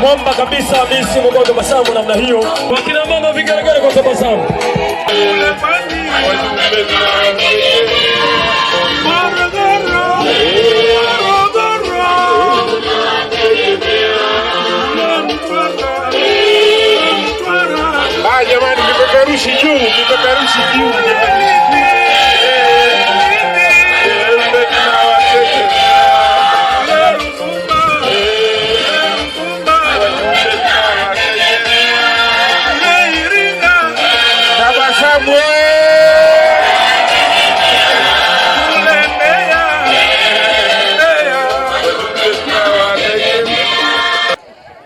mwamba kabisa misi mko tabasamu namna hiyo. Wakina mama vigeregere kwa tabasamu. Ah, jamani, kipeperushi juu, kipeperushi juu.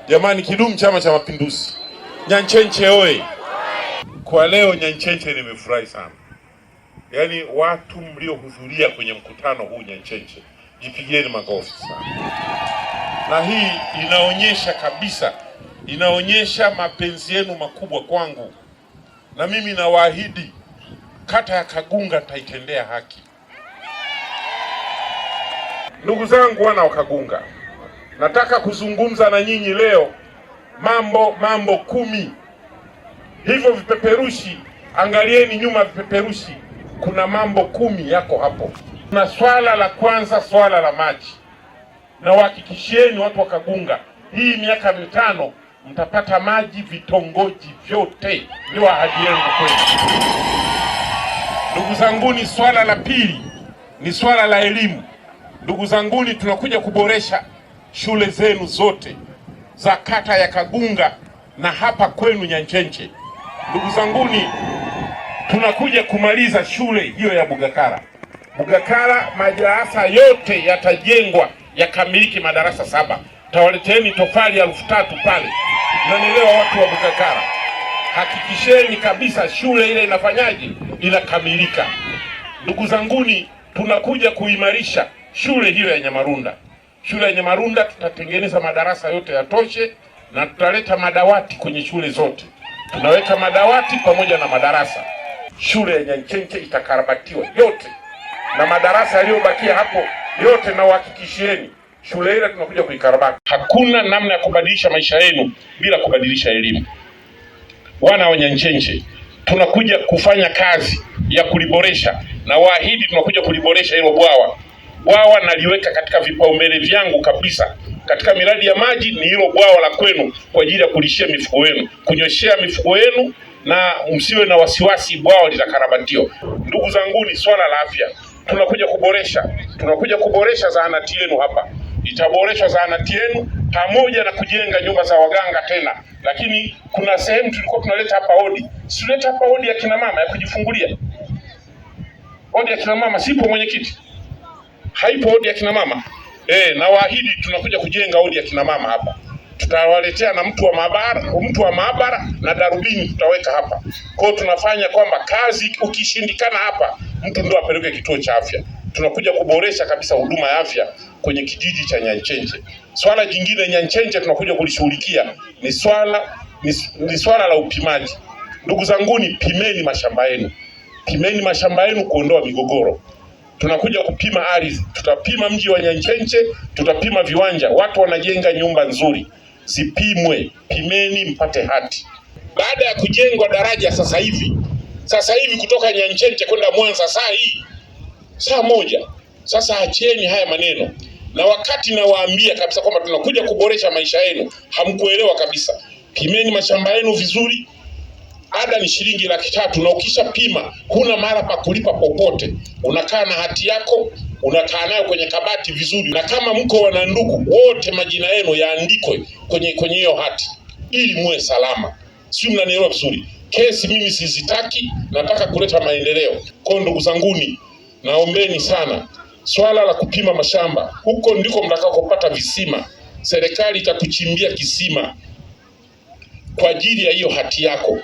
Jamani, kidumu Chama cha Mapinduzi! Nyanchenche oye! Kwa leo Nyanchenche nimefurahi sana, yaani watu mliohudhuria kwenye mkutano huu Nyanchenche, jipigieni makofi sana. Na hii inaonyesha kabisa, inaonyesha mapenzi yenu makubwa kwangu, na mimi nawaahidi kata ya Kagunga taitendea haki. Ndugu zangu, wana wa Kagunga Nataka kuzungumza na nyinyi leo mambo mambo kumi. Hivyo vipeperushi, angalieni nyuma vipeperushi, kuna mambo kumi yako hapo. Na swala la kwanza, swala la maji, na wahakikishieni watu wa Kagunga, hii miaka mitano mtapata maji vitongoji vyote, ndio ahadi yangu kwenu. Ndugu zanguni, swala la pili ni swala la elimu. Ndugu zanguni, tunakuja kuboresha shule zenu zote za kata ya Kagunga na hapa kwenu Nyanchenche. Ndugu zanguni, tunakuja kumaliza shule hiyo ya Bugakara. Bugakara madarasa yote yatajengwa yakamiliki madarasa saba. Tawaleteni tofali elfu tatu pale, nanielewa watu wa Bugakara, hakikisheni kabisa shule ile inafanyaje, inakamilika. Ndugu zanguni, tunakuja kuimarisha shule hiyo ya Nyamarunda shule ya Nyamarunda tutatengeneza madarasa yote yatoshe, na tutaleta madawati kwenye shule zote. Tunaweka madawati pamoja na madarasa. Shule ya Nyanchenche itakarabatiwa yote na madarasa yaliyobakia hapo yote, na uhakikishieni shule ile tunakuja kuikarabati. Hakuna namna ya kubadilisha maisha yenu bila kubadilisha elimu. Wana wa Nyanchenche, tunakuja kufanya kazi ya kuliboresha, na waahidi tunakuja kuliboresha hilo bwawa bwawa naliweka katika vipaumbele vyangu kabisa. Katika miradi ya maji ni hilo bwawa la kwenu kwa ajili ya kulishia mifugo yenu, kunyoshea mifugo yenu, na msiwe na wasiwasi, bwawa litakarabatiwa. Ndugu zangu, ni swala la afya, tunakuja kuboresha, tunakuja kuboresha zahanati yenu hapa, itaboreshwa zahanati yenu pamoja na kujenga nyumba za waganga tena. Lakini kuna sehemu tulikuwa tunaleta hapa hodi, sileta hapa hodi ya kina mama ya kujifungulia, hodi ya kina mama, sipo mwenyekiti haipo odi ya kina mama e, eh, na tunakuja kujenga odi ya kina mama hapa. Tutawaletea na mtu wa maabara, mtu wa maabara na darubini tutaweka hapa. Kwa tunafanya kwamba kazi ukishindikana hapa, mtu ndio apeleke kituo cha afya. Tunakuja kuboresha kabisa huduma ya afya kwenye kijiji cha Nyanchenje. Swala jingine Nyanchenje tunakuja kulishughulikia ni swala ni, ni swala la upimaji. Ndugu zanguni, pimeni mashamba yenu, pimeni mashamba yenu kuondoa migogoro tunakuja kupima ardhi, tutapima mji wa Nyanchenche, tutapima viwanja. Watu wanajenga nyumba nzuri, zipimwe, pimeni mpate hati. Baada ya kujengwa daraja sasa hivi, sasa hivi kutoka Nyanchenche kwenda Mwanza saa hii saa moja. Sasa acheni haya maneno, na wakati nawaambia kabisa kwamba tunakuja kuboresha maisha yenu, hamkuelewa kabisa. Pimeni mashamba yenu vizuri, ada ni shilingi laki tatu na pima huna mara pa kulipa popote, unakaa na hati yako unakaa nayo kwenye kabati vizuri, na kama mko wana ndugu wote majina yenu yaandikwe kwenye kwenye hiyo hati ili muwe salama, sio? Mnanielewa vizuri? Kesi mimi sizitaki, nataka kuleta maendeleo. Kwa ndugu zanguni, naombeni sana swala la kupima mashamba, huko ndiko mtakakopata visima. Serikali itakuchimbia kisima kwa ajili ya hiyo hati yako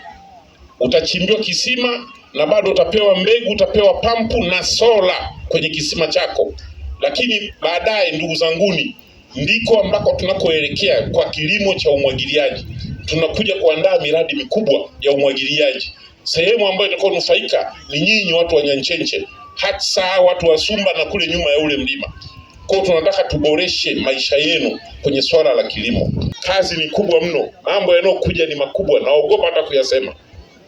utachimbiwa kisima na bado utapewa mbegu, utapewa pampu na sola kwenye kisima chako. Lakini baadaye, ndugu zanguni, ndiko ambako tunakoelekea kwa kilimo cha umwagiliaji. Tunakuja kuandaa miradi mikubwa ya umwagiliaji. Sehemu ambayo nufaika ni nyinyi watu wa Nyanchenche, hasa watu wa Sumba na kule nyuma ya ule mlima. Kwa hiyo tunataka tuboreshe maisha yenu kwenye swala la kilimo. Kazi ni kubwa mno, mambo yanayokuja ni makubwa, naogopa hata kuyasema.